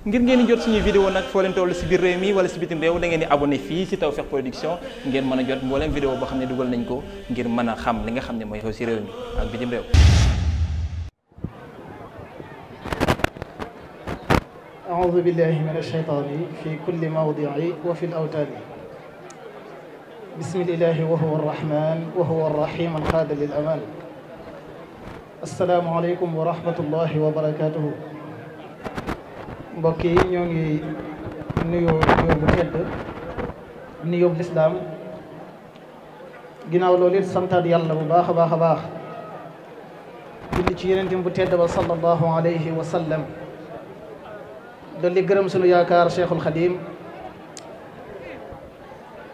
ngir ngeen jot suñuy vidéo nag foo si biir réew mi wala si bitim réew da ngeen di abonné fii si Production ngeen mën a jot mbooleem vidéo boo xam ne dugal nañ ko ngir mën a xam li nga xam ne mooy xew si réew mi ak bitim réew aoudu billahi min mbokk yi ñoo ngi nuyoo nuyoo bu tedd nuyoo bu lislaam ginnaaw loolu it santaat yàlla bu baax a baax a baax julli ci yeneen bu tedd ba sallallahu alayhi wa sallam dolli gërëm sunu yaakaar cheikhul xadim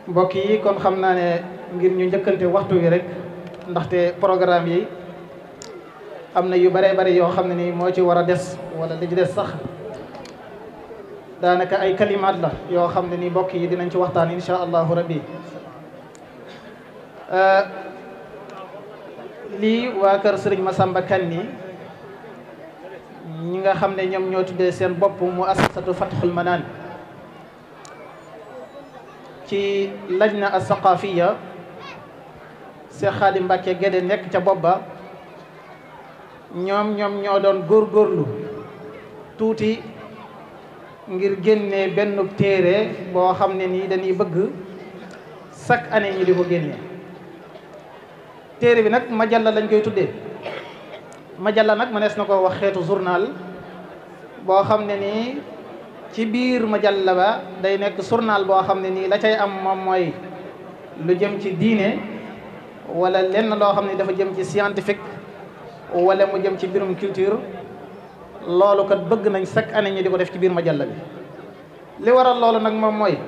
mbokk yi kon xam naa ne ngir ñu njëkkante waxtu wi rek ndaxte programme yi am na yu bare bare yoo xam ne nii moo ci war a des wala li ci des sax daanaka ay kalimaat la yoo xam ne ni mbokk yi dinañ ci waxtaan insha allahu rabbi eh, lii waa kër sëriñ Massamba ni ñi nga xam ne ñoom ñoo tuddee seen bopp mu asasatu fatxul manaan ci lajna al saqafiya Seex Xaadim Mbàkke Gédé nekk ca bopp ba ñoom ñoom ñoo doon góorgóorlu tuuti ngir génne benn téere boo xam ne nii dañuy bëgg chaque année ñu di ko génne téere bi nag majalla lañ koy tuddee majalla nag mënees na ko wax xeetu journal boo xam ne nii ci biir majalla ba day nekk journal boo xam ne nii la cay am moom mooy lu jëm ci diine walla lenn loo xam ne dafa jëm ci scientifique wala mu jëm ci mbirum culture loolu bëgg nañ chaque année ñi di ko def ci biir majalla bi li waral loolu nag moom mooy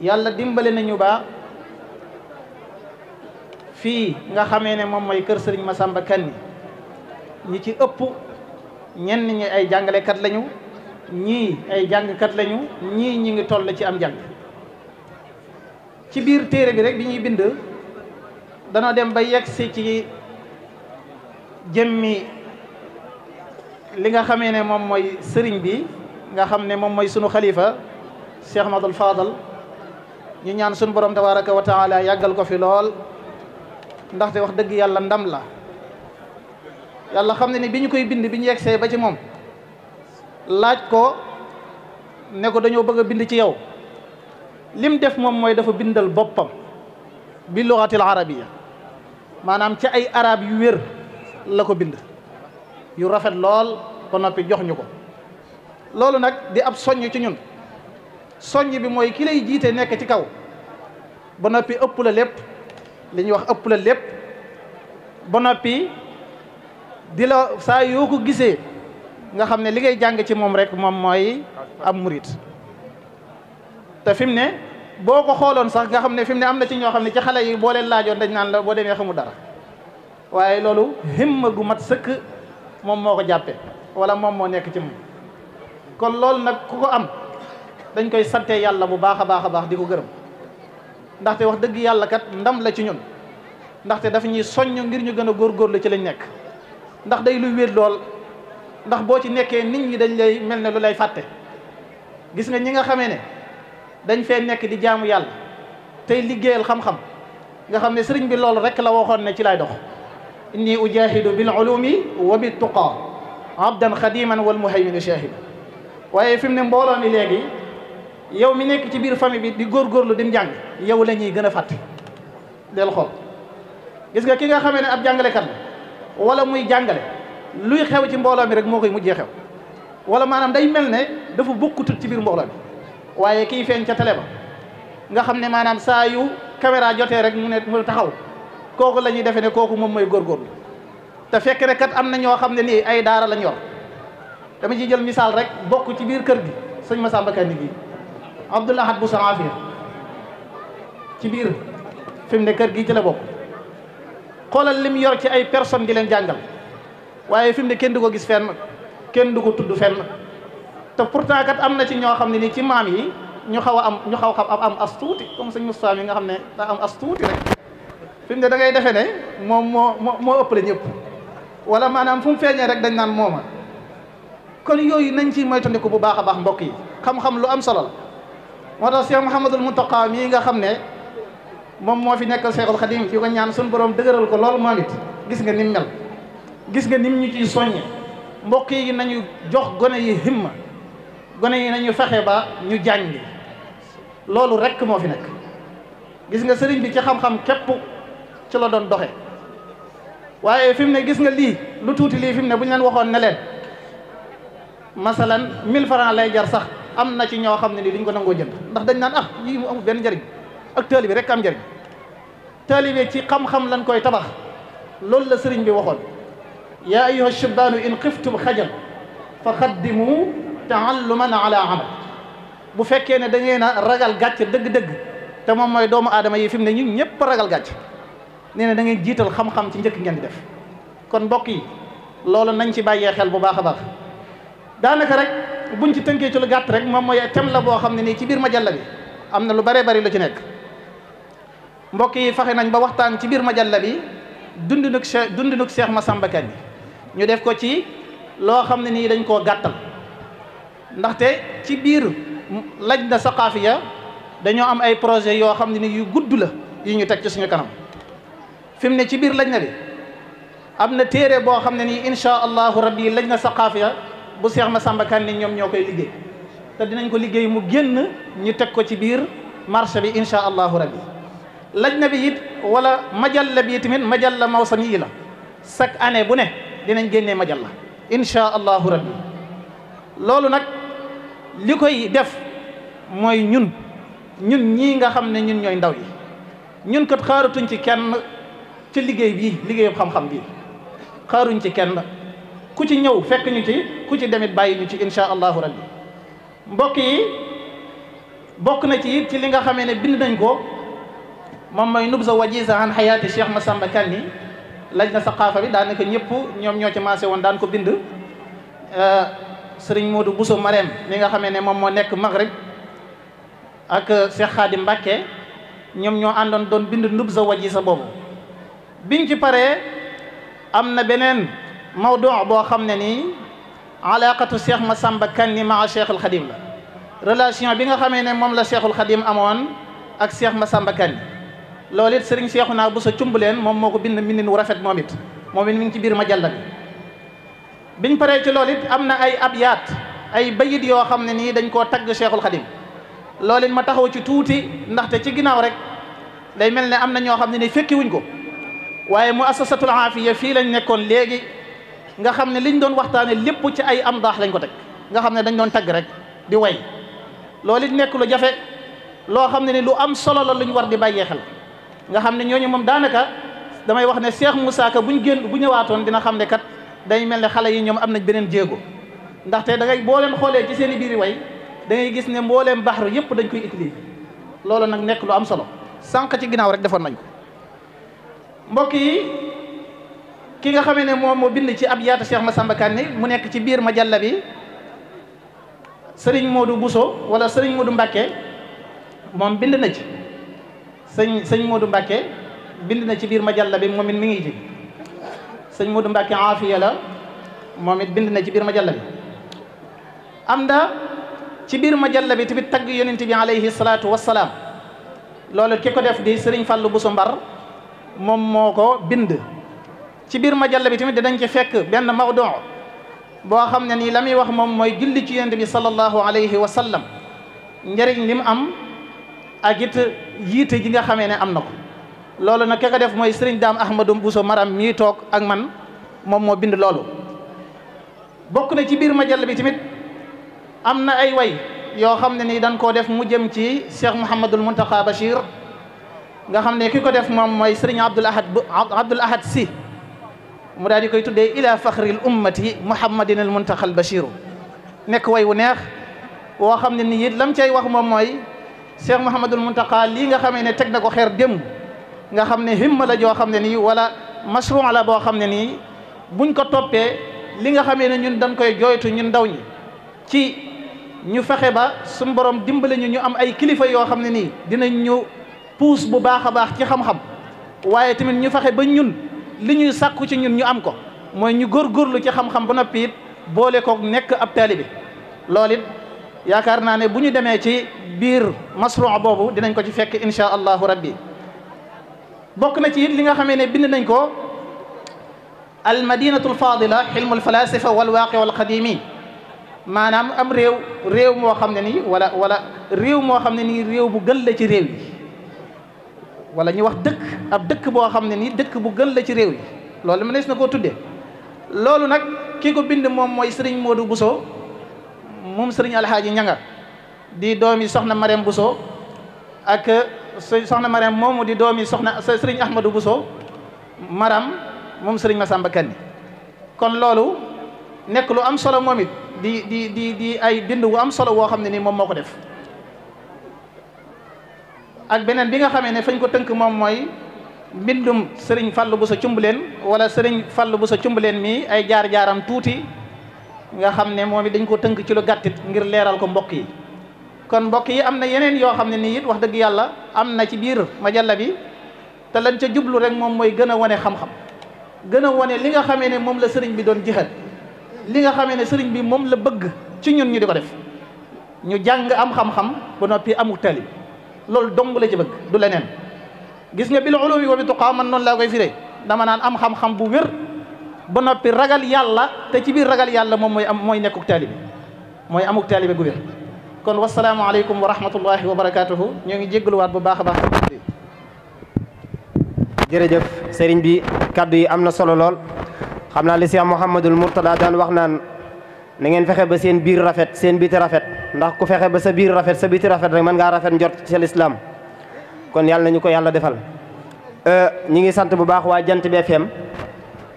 yàlla dimbale nañu baa fii nga xamee ne moom mooy kër sëriñ Massamba Kanni ñi ci ëpp ñenn ñi ay jàngalekat lañu ñii ay jàngkat lañu ñii ñi ngi toll ci am jàng ci biir téere bi rek bi ñuy bind danoo dem ba yegsi ci mi li nga xamee ne moom mooy sëriñ bi nga xam ne moom mooy sunu xalifa Cheikh Ahmadul Fadal ñu ñaan sunu borom tabaraka wa taala yàggal ko fi lool ndaxte wax dëgg yàlla ndam la yàlla xam ne ni bi ñu koy bind bi ñu yegsee ba ci moom laaj ko ne ko dañoo bëgg a bind ci yow lim def moom mooy dafa bindal boppam bi luxatil arabiya maanaam ci ay arab yu wér la ko bind yu rafet lool ba noppi jox ñu ko loolu nag di ab soññ ci ñun soññ bi mooy ki jiite nekk ci kaw ba noppi ëpp la lépp li wax ëpp la lépp ba noppi di la saa yoo ko gisee nga xam ne li ngay jàng ci moom rek moom mooy am murit te fi mu ne boo ko xooloon sax nga xam ne fi mu ne am na ci ñoo xam ne ci xale yi boo leen laajoon dañ naan la boo demee xamu dara waaye loolu himma mat sëkk moom moo ko jàppe wala moom moo nekk ci moom kon loolu nag ku ko am dañ koy sante yàlla bu baax a baax a baax di ko gërëm ndaxte wax dëgg yàlla kat ndam la ci ñun ndaxte dafa ñuy soññ ngir ñu gën a góorgóorlu ci lañ nekk ndax day luy wéet lool ndax boo ci nekkee nit ñi dañ lay mel ne lu lay fàtte gis nga ñi nga xamee ne dañ fee nekk di jaamu yàlla tey liggéeyal xam-xam nga xam ne sëriñ bi loolu rek la waxoon ne ci lay dox inni ujahidu bil ulumi wa bit tuqa abdan xadiman wal muhaymin shahida waaye fi mu ne mbooloo mi léegi yow mi nekk ci biir famille bi di góorgóorlu di njàng yow la ñuy gën a fàtte del xool gis nga ki nga xamee ne ab jàngalekat la wala muy jàngale luy xew ci mbooloo mi rek moo koy mujjee xew wala maanaam day mel ne dafa bokkutut ci biir mbooloo waaye kii feeñ ca télé nga xam ne maanaam saa yu caméra jotee rek mu ne mu taxaw kooku la ñuy defee ne kooku moom mooy góorgóorlu te fekk ne kat am na ñoo xam ne nii ay daara lañ yor dama ci jël misaal rek bokk ci biir kër gi sëñ Massamba Kandi gi Abdoul Ahad bu Sanaafir ci biir fi ne kër gi ci la bokk xoolal lim yor ci ay personnes di leen jàngal waaye fi mu ne kenn du ko gis fenn kenn du ko tudd fenn te pourtant kat am na ci ñoo xam ne nii ci maam yi ñu xaw am ñu xaw a am as tuuti comme sëñ Moustapha mi nga xam ne daa am as tuuti fi mu ne da ngay defee ne moom moo moo moo ëppale ñëpp wala maanaam fu mu feeñee rek dañ naan moo ma kon yooyu nañ ci moytandiku bu baax a baax mbokk yi xam lu am solo moo tax Cheikh Mouhamadul Mountakha yi nga xam ne moom moo fi nekkal Cheikhul Khadim fi ko ñaan suñu borom dëgëral ko lool moom gis nga nim mel gis nga nim ñu ci soññe mbokk yi nañu jox gone yi himma gone yi nañu fexe ba ñu jàng loolu rekk moo fi nekk gis nga sëriñ bi ci xam ci la doon doxe waaye fi mu ne gis nga lii lu tuuti lii fi mu ne bu ñu leen waxoon ne leen masalan 1000 francs lay jar sax am na ci ñoo xam ne nii duñ ko nangoo jënd ndax dañ naan ax ah, yii mu amul benn njëriñ ak taalibe rek am njëriñ taalibe ci xam-xam lañ koy tabax loolu la sëriñ bi waxoon yaa ayyuha shibbaanu in xiftum xajal fa xaddimu taalluman ala amal bu fekkee ne da ngeen ragal gàcce dëgg-dëgg te moom mooy doomu aadama yi fi mu ne ñun ñëpp ragal gàcce nee na da ngeen jiital xam-xam ci njëkk ngeen di def kon mbokk yi loolu nañ ci bàyyee xel bu baax a baax daanaka rek buñ ci tënkee ci lu gàtt rek moom mooy tem la boo xam ne nii ci biir ma majalla bi am na lu bëree bëri lu ci nekk mbokk yi fexe nañ ba waxtaan ci biir ma majalla bi dundinuk Cheikh dundinuk Cheikh Massamba Kanni ñu def ko ci loo xam ne nii dañ koo gàttal ndaxte ci biir lajna saqaafiya dañoo am ay projet yoo xam ne ni yu gudd la yu ñu teg ci suñu kanam fi mu ne ci biir laj na bi am na téere boo xam ne nii insha allahu rabbi laj na saqaafiya bu Seex Masamba Kan ni ñoom ñoo koy liggéey te dinañ ko liggéey mu génn ñu teg ko ci biir marché bi insha allahu rabbi laj na bi it wala majalla bi tamit majalla mawsami yi la chaque année bu ne dinañ génnee majalla insha allahu rabbi loolu nag li koy def mooy ñun ñun ñii nga xam ne ñun ñooy ndaw yi ñun kat xaaratuñ ci kenn ci liggéey bii liggéeyu xam-xam bii xaaruñ ci kenn ku ci ñëw fekk ñu ci ku ci demit bàyyi ci insha allahu rabbi mbokk yi bokk na ci ci li nga xamee ne bind nañ ko moom mooy nubza wajiza an xayaati ma Massamba Kanni laj na saqaafa bi daanaka ñëpp ñoom ñoo ci maase woon daan ko bind euh, sëriñ Modou Bousso Marème mi nga xame ne moom moo nekk Maghrib ak Cheikh Khadim Mbacké ñoom ñoo àndoon doon bind nubza wajiza boobu biñ ci paree am na beneen mawdu boo xam ne nii ma Cheikh Massamba ma maa Cheikhul Khadim la relation bi nga xamee ne moom la Cheikhul Khadim amoon ak ma Cheikh Massamba Kanni loolu it naa Cheikhouna Bousso Cumbuleen moom moo ko bind mbindin wu rafet moom it moom it mi ngi ci biir majalla bi biñ paree ci loolu it am na ay abyaat ay bayit yoo xam ne nii dañ koo tagg Cheikhul Khadim loolu it ma taxaw ci tuuti ndaxte ci ginnaaw rek day mel ne am na ñoo xam ne nii fekki ko waaye mu assasatul aafiya fii lañ nekkoon léegi nga xam ne liñ doon waxtaane lépp ci ay am daax lañ ko teg nga xam ne dañ doon tagg rek di way loolu it nekk lu jafe loo xam ne ni lu am solo la luñ war di bàyyee xel nga xam ne ñooñu moom daanaka damay wax ne Cheikh Moussa Ka buñ génn bu ñëwaatoon dina xam ne kat day mel ne xale yi ñoom am nañ beneen jéego ndaxte da ngay boo leen xoolee ci seen i biir way dangay gis ne baax baxru yëpp dañ koy utiliser loolu nag nekk am solo sànq ci ginnaaw rek defoon nañ ko mbokk yi ki nga xame ne moom mu bind ci ab yaatu ma Massamba Kanni mu nekk ci biir majalla bi sëriñ Modou Bousso wala sëriñ Modou Mbacké moom bind na ci sëñ sëñ Modou Mbacké bind na ci biir majalla bi moom mi ngi ci sëñ Modou Mbacké aafiya la moom bind na ci biir majalla bi am na ci biir majalla bi tamit tagg yonent bi alayhi salaatu wassalaam loolu ki ko def di sëriñ Fallou Bousso Mbar moom moo ko bind ci biir majalla bi tamit danañ ci fekk benn mawdu boo xam ne nii la muy wax moom mooy julli ci yonent bi sallallahu alayhi wa sallam njëriñ li mu am ak it yiite ji nga xamee ne am na ko loolu nag ka def mooy sëriñ daam ahmadou Bousso maram mii toog ak man moom moo bind loolu bokk na ci biir majalla bi tamit am na ay way yoo xam ne nii dañ koo def mu jëm ci Cheikh Mouhamadul Mountakha Bachir nga xam ne ki ko def moom mooy sëriñ Abdul Ahad bu Abdul Ahad si mu daal di koy tuddee ila fakhril ummati muhammadin al muntaxal bachiru nekk way wu neex woo xam ne nii it lam cay wax moom mooy Cheikh Mouhamadul Muntaqa lii nga xamee ne teg na ko xeer démb nga xam ne himma la joo xam ne nii wala mashru la boo xam ne nii buñ ko toppee li nga xamee ne ñun dañ koy jooytu ñun ndaw ñi ci ñu fexe ba suñu borom dimbale ñu ñu am ay kilifa yoo xam ne nii dinañ puus bu baax a baax ci xam-xam waaye tamit ñu fexe ba ñun li ñuy sàkku ci ñun ñu am ko mooy ñu góorgóorlu ci xam-xam ba noppi it boole ko nekk ab taalibe loolu it yaakaar naa ne bu ñu demee ci biir masruu boobu dinañ ko ci fekk insha allahu rabbi bokk na ci it li nga xamee ne bind nañ ko al madinatul fadila xilmul falasifa wal waaqi wal qadimi maanaam am réew réew moo xam ne nii wala wala réew moo xam ne nii réew bu gën la ci réew yi wala ñu wax dëkk ab dëkk boo xam ne nii dëkk bu gën la ci réew yi loolu mënees na koo tuddee loolu nag ki ko bind moom mooy sëriñ bu Bousso moom sëriñ Alxaaji Ñanga di doomi soxna bu Bousso ak soxna Mariam moomu di doomi soxna sëriñ Ahmadou Bousso Maram moom sëriñ Masamba Kanni kon loolu nekk lu am solo moom di di di di ay bind wu am solo woo xam ne nii moom moo ko def ak beneen bi nga xamee ne fañ ko tënk moom mooy mbindum sëriñ Fallou Bousso Cumbuleen wala sëriñ fallu bu Bousso Cumbuleen mii ay jaar-jaaram tuuti nga xam ne moom it dañ ko tënk ci lu gàttit ngir leeral ko mbokk yi kon mbokk yi am na yeneen yoo xam ne nii it wax dëgg yàlla am na ci biir ma majalla bi te lañ ca jublu rek moom mooy gën a wane xam-xam gën a wane li nga xamee ne moom la sëriñ bi doon jixat li nga xamee ne sëriñ bi moom la bëgg ci ñun ñu di ko def ñu jàng am xam ba noppi amuk loolu dong la ci bëgg du leneen gis nga bil ulumi wa bi tuqaa man noonu laa koy firee dama naan am xam-xam bu wér ba noppi ragal yàlla te ci biir ragal yàlla moom mooy am mooy nekkuk taalibe mooy amuk taalibe gu wér kon wasalaamaaleykum wa rahmatullahi wa barakaatuhu ñoo ngi jéggaluwaat bu baax a baax jërëjëf sëriñ bi kàddu yi am na solo lool xam naa li si am Mouhamadul Mourtada daan wax naan na ngeen fexe ba seen biir rafet seen biti rafet ndax ku fexe ba sa biir rafet sa biti rafet rek mën ngaa rafet njort ci lislaam kon yàlla ñu ko yàlla defal euh, ñi ngi sant bu baax waa jant bee FM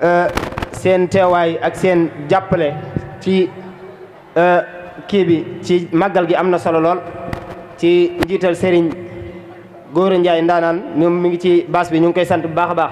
euh, seen teewaay ak seen jàppale ci euh, kii bi ci màggal gi am na solo lool ci njiital Serigne Góora Ndiaye ndaanaan ñoom mi ngi ci baas bi ñu ngi koy sant bu baax a baax